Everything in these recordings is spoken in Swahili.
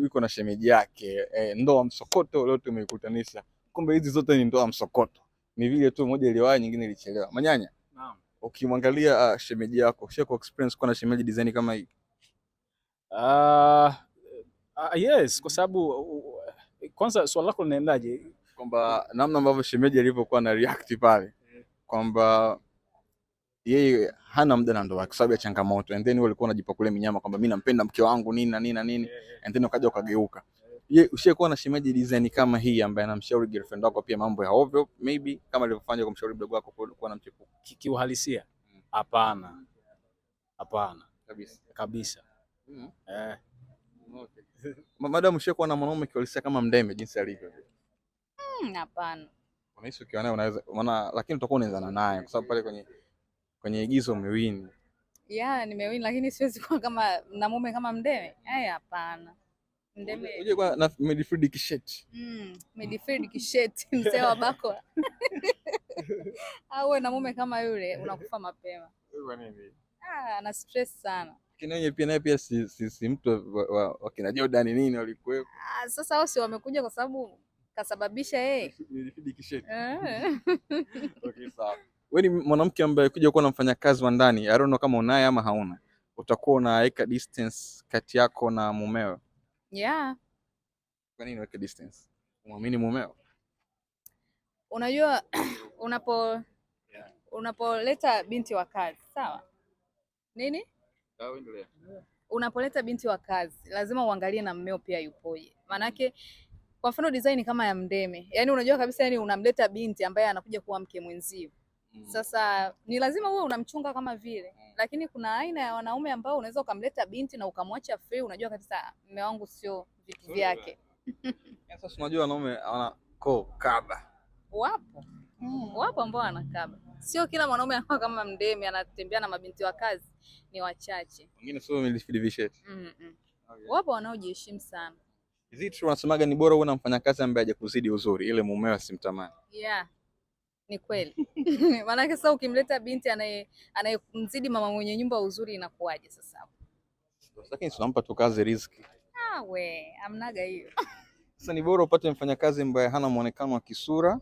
yuko na shemeji yake eh, ndoa msokoto leo tumeikutanisha. Kumbe hizi zote ni ndoa msokoto, ni vile tu moja iliwahi nyingine ilichelewa. Manyanya, naam, ukimwangalia uh, shemeji yako kwa experience kwa na shemeji design kama hii uh, uh, yes, kwa sababu uh, kwanza swali lako linaendaje kwamba namna ambavyo shemeji alivyokuwa na react pale eh. kwamba yeye hana muda na ndoa yake kwa sababu ya changamoto, and then wewe ulikuwa unajipa kule minyama kwamba mimi nampenda mke wangu nini na nini na nini, and then ukaja ukageuka. Yeye ushakuwa na shemeji design kama hii ambaye anamshauri girlfriend wako pia mambo ya ovyo, maybe kama alivyofanya kumshauri mdogo wako kuwa na mchepuko? Kiuhalisia mm. hapana, hapana kabisa kabisa. Mm. Eh, madam Madamu na mwanaume kiuhalisia kama Mdeme jinsi alivyo? Mm, hapana, unahisi ukiwa naye unaweza maana, lakini utakuwa unaanza naye kwa sababu pale kwenye kwenye igizo umewini? Yeah, nimewini lakini siwezi kuwa kama na mume kama Mdeme. Haya, eh, hapana. Mdeme. uje kwa na Medifred kisheti. Mm, Medifred kisheti mzee wa bako. Au na mume kama yule unakufa mapema. Kwa nini? Ah, ana stress sana. Kinanye pia naye pia si, si, si mtu wa, wa, wa Jordan nini walikuwepo. Ah, sasa wao si wamekuja kwa sababu kasababisha yeye. Medifred kisheti. Eh. Okay, sawa wewe ni mwanamke ambaye kuja kuwa na mfanyakazi wa ndani, I don't know kama unaye ama hauna, utakuwa unaweka distance kati yako na mumeo. Yeah. Kwa nini unaweka distance? Muamini mumeo. Unajua unapo yeah. unapoleta binti wa kazi, sawa? Nini? Sawa, endelea. Unapoleta binti wa kazi, lazima uangalie na mmeo pia yupoje. Maanake kwa mfano design kama ya Mdeme, yani unajua kabisa, yani unamleta binti ambaye anakuja kuwa mke mwenzio mm. Sasa ni lazima uwe unamchunga kama vile mm. Lakini kuna aina ya wanaume ambao unaweza ukamleta binti na ukamwacha free, unajua kabisa mume wangu sio vitu vyake. Sasa unajua wanaume wana ko kaba wapo mm. Wapo ambao wanakaba, sio kila mwanaume anakuwa kama Mdemi anatembea na mabinti wa kazi, ni wachache. Wengine sio milisheti mm -mm. Okay. Wapo wanaojiheshimu sana. Is it true wanasemaga ni bora uwe na mfanyakazi ambaye hajakuzidi uzuri, ile mumewe asimtamani? Yeah. Ni kweli maanake sasa ukimleta binti anayemzidi mama mwenye nyumba uzuri inakuwaje sasa? Lakini tunampa tu kazi riziki. awe ah, amnaga hiyo sasa. Ni bora upate mfanyakazi ambaye hana mwonekano wa kisura,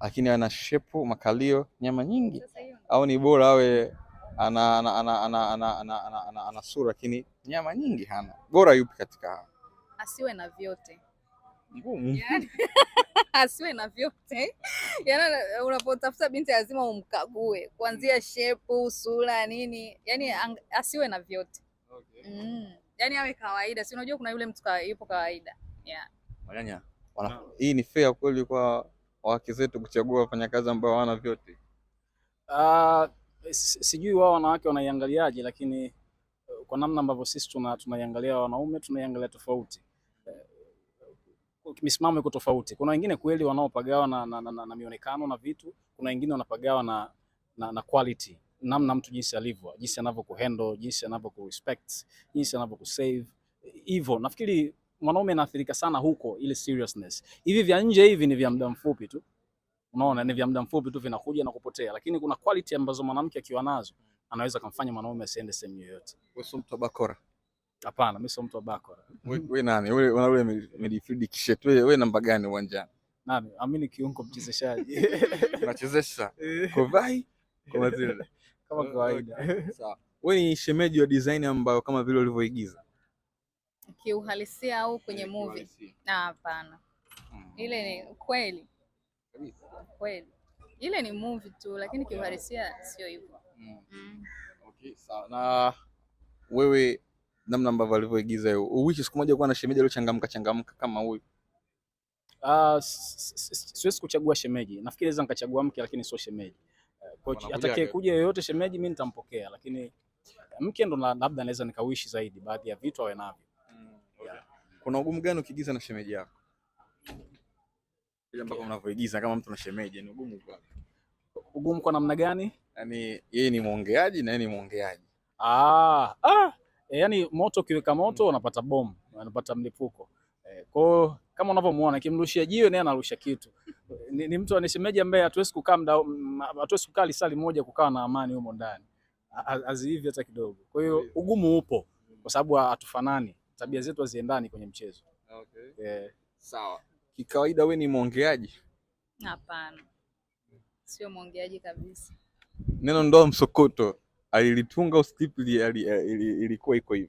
lakini ana shepu makalio, nyama nyingi, au ni bora awe ana ana ana ana ana ana ana ana sura lakini nyama nyingi hana. Bora yupi katika Asiwe na vyote ngumu yani, asiwe na vyote yani, unapotafuta binti lazima umkague kuanzia mm. shepu, sura, nini, yani asiwe na vyote okay. mm. Yani awe kawaida, si unajua kuna yule mtu yupo kawaida yeah. wana, no. Ah. Hii ni fair kweli kwa wake zetu kuchagua wafanyakazi ambao hawana vyote? Uh, sijui wao wanawake wanaiangaliaje, lakini uh, kwa namna ambavyo sisi tunaiangalia wanaume tunaiangalia tofauti misimamo iko tofauti. Kuna wengine kweli wanaopagawa na, na, na, na, na mionekano na vitu, kuna wengine wanapagawa na, na, na quality, namna mtu jinsi alivyo, jinsi anavyokuhandle, jinsi anavyokurespect, jinsi anavyokusave hivyo. Nafikiri mwanaume anaathirika sana huko, ile seriousness. Hivi vya nje hivi ni vya muda mfupi tu, unaona, ni vya muda mfupi tu, vinakuja na kupotea, lakini kuna quality ambazo mwanamke akiwa nazo anaweza kumfanya mwanaume asiende sehemu yoyote. Wewe mtu bakora. Hapana, mimi sio mtu wa bakora. Wewe nani? Wewe una ule midfield kishet? wewe, wewe namba gani uwanjani? Nani? Amini kiungo mchezeshaji. Unachezesha. Eh. Kovai kama zile. Kama kawaida. Sawa. Wewe ni shemeji wa design ambayo kama vile ulivyoigiza. Kiuhalisia au kwenye eh, movie? Na ah, hapana. Mm. Ile ni kweli. Kweli. Ile ni movie tu lakini oh, kiuhalisia sio hivyo. Mm. mm. Okay, sawa. Na wewe namna ambavyo alivyoigiza. Uwishi siku moja kuwa na shemeji aliochangamka changamka kama huyu? Uh, siwezi kuchagua shemeji, nafikiri naweza nikachagua mke, lakini sio shemeji. Eh, atakaye kuja yoyote shemeji, mimi nitampokea, lakini eh, mke ndo labda naweza nikawishi zaidi baadhi ya vitu awe navyo. Mm, Kuna ugumu gani ukiigiza na shemeji yako? Ile ambako unavyoigiza kama mtu na shemeji ni ugumu kwa. Ugumu kwa namna gani? Yaani yeye ni mwongeaji na yeye ni mwongeaji. Ah, ah e, yani moto ukiweka moto mm. unapata bomu, unapata mlipuko e, kwao kama unavyomuona kimrushia jiwe naye anarusha kitu. Ni, ni mtu anishemeje ambaye hatuwezi kukaa hatuwezi kukaa lisali moja kukaa na amani humo ndani azihivi hata kidogo. Kwa hiyo ugumu upo kwa sababu hatufanani, tabia zetu haziendani kwenye mchezo. Okay. Yeah. Sawa. Kikawaida we ni mwongeaji? Hapana, sio mwongeaji kabisa. Neno ndoa msokoto alilitunga au script ilikuwa iko hivi?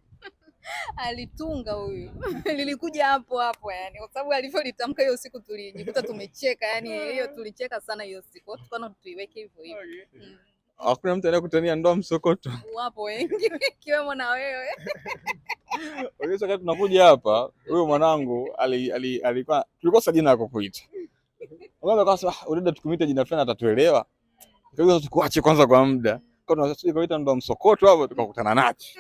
Alitunga huyu lilikuja hapo hapo, yani kwa sababu alivyolitamka hiyo siku tulijikuta tumecheka, yani hiyo tulicheka sana hiyo siku, tukana tuiweke hivyo hivyo. Mm. Hakuna mtu anayekutania ndoa msokoto, wapo wengi ikiwemo na wewe. Wakati tunakuja hapa, huyo mwanangu alikuwa tulikosa jina la kukuita, unaanza kusema ah, udada, tukumita jina fulani atatuelewa, mm. kwa hiyo tukuache kwanza kwa muda msokoto hapo, tukakutana nacho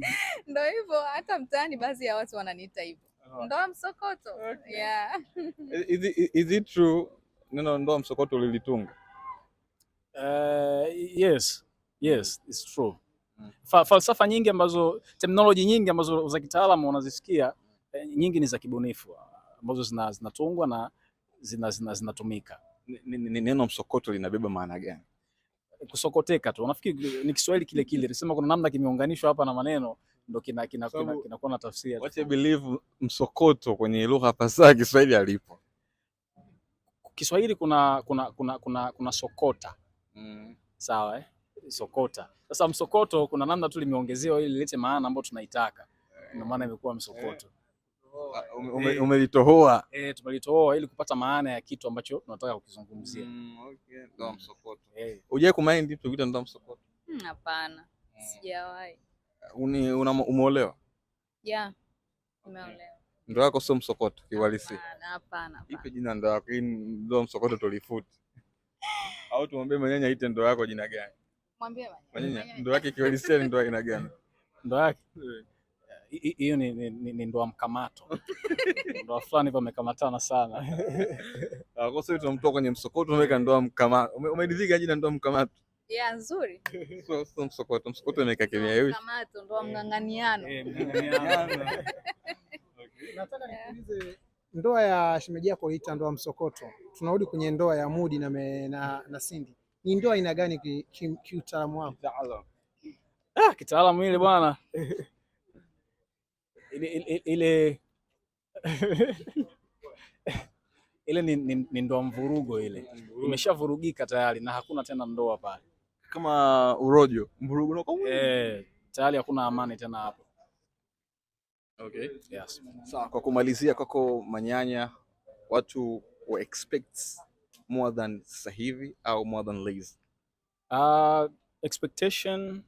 hivyo. Hata mtaani baadhi ya watu wananiita hivyo, ah. ndoa msokoto. Okay. Yeah. Is is it true neno ndoa msokoto Uh, yes. Yes, mm. it's true. Mm. Fa, falsafa nyingi ambazo terminology nyingi ambazo za kitaalamu unazisikia eh, nyingi ni za kibunifu ambazo zinatungwa zina na zinatumika zina, zina, zina. Neno msokoto linabeba maana gani? kusokoteka tu. Nafikiri ni Kiswahili kile kile, nisema kuna namna kimeunganishwa hapa na maneno ndo kinakuwa kina, kina, kina, kina na tafsiri. Wacha believe msokoto kwenye lugha fasaha Kiswahili alipo Kiswahili kuna kuna kuna kuna, kuna sokota mm. Sawa eh? Sokota sasa, msokoto kuna namna tu limeongezewa ili lilete maana ambayo tunaitaka, ndio maana imekuwa msokoto yeah. Ah, eh, umelitohoa eh, tumelitohoa ili kupata maana ya kitu ambacho tunataka kukizungumzia. mm, okay. Mm. Ndio msokoto eh. Unajai kumind tukikuta ndio msokoto? Mm, hapana, mm. sijawahi. Uni Umeolewa? Yeah, umeolewa. Ndoa yako sio msokoto kiwalisi? Hapana, hapana, hapana. Ipe jina ndoa yako, ndio msokoto tulifuti au tumwambie Manyanya ite ndoa yako jina gani? Mwambie Manyanya ndoa yake kiwalisi, ndoa ina gani? Ndoa yake eh hiyo ni, ni, ni, ni ndoa mkamato ndoa fulani hivyo amekamatana sana. Ah, kwa sababu tunamtoa kwenye msokoto umeweka ndoa mkamato. Umeridhika jina ndoa mkamato? Yeah, nzuri. msokoto, msokoto imeweka kimya hiyo. Mkamato ndoa eh. mnganganiano. Eh, Nataka nikuulize ndoa ya shemeji yako iliita ndoa msokoto. Tunarudi kwenye ndoa ya Mudi na me, na, na Sindi. Ni ndoa aina gani kiutaalamu ki, ki wako? Kitaalamu. Ah, kitaalamu ile bwana ile ile ile ni, ni, ni ndoa mvurugo ile imeshavurugika tayari na hakuna tena ndoa pale, kama urojo mvurugo eh, tayari hakuna amani tena hapo. Okay. Yes. Sawa, kwa kumalizia kwako Manyanya, watu wa expect more than sasa hivi au more than lazy? Uh, expectation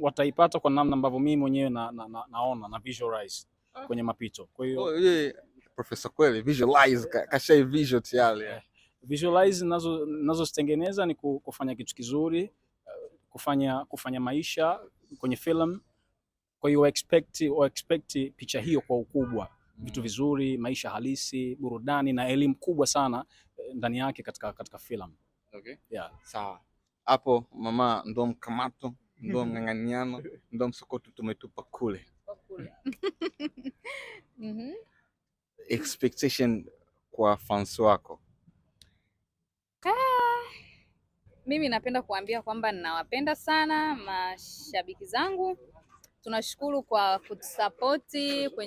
wataipata kwa namna ambavyo mimi mwenyewe na, na, na, naona na visualize ah. kwenye mapito. Kwa hiyo oh, yeah. yeah. Profesa kweli visualize kashai visual tayari. Visualize nazo nazo nazozitengeneza ni kufanya kitu kizuri, uh, kufanya kufanya maisha kwenye film. Kwa hiyo expect wa expect picha hiyo kwa ukubwa, mm. vitu vizuri, maisha halisi, burudani na elimu kubwa sana eh, ndani yake katika katika film. Okay. Yeah. Sawa. Hapo mama ndo mkamato ndo mng'ang'aniano ndo msokoto tumetupa kule mhm. expectation kwa fans wako? Ah, mimi napenda kuambia kwamba ninawapenda sana mashabiki zangu, tunashukuru kwa kutusapoti kwenye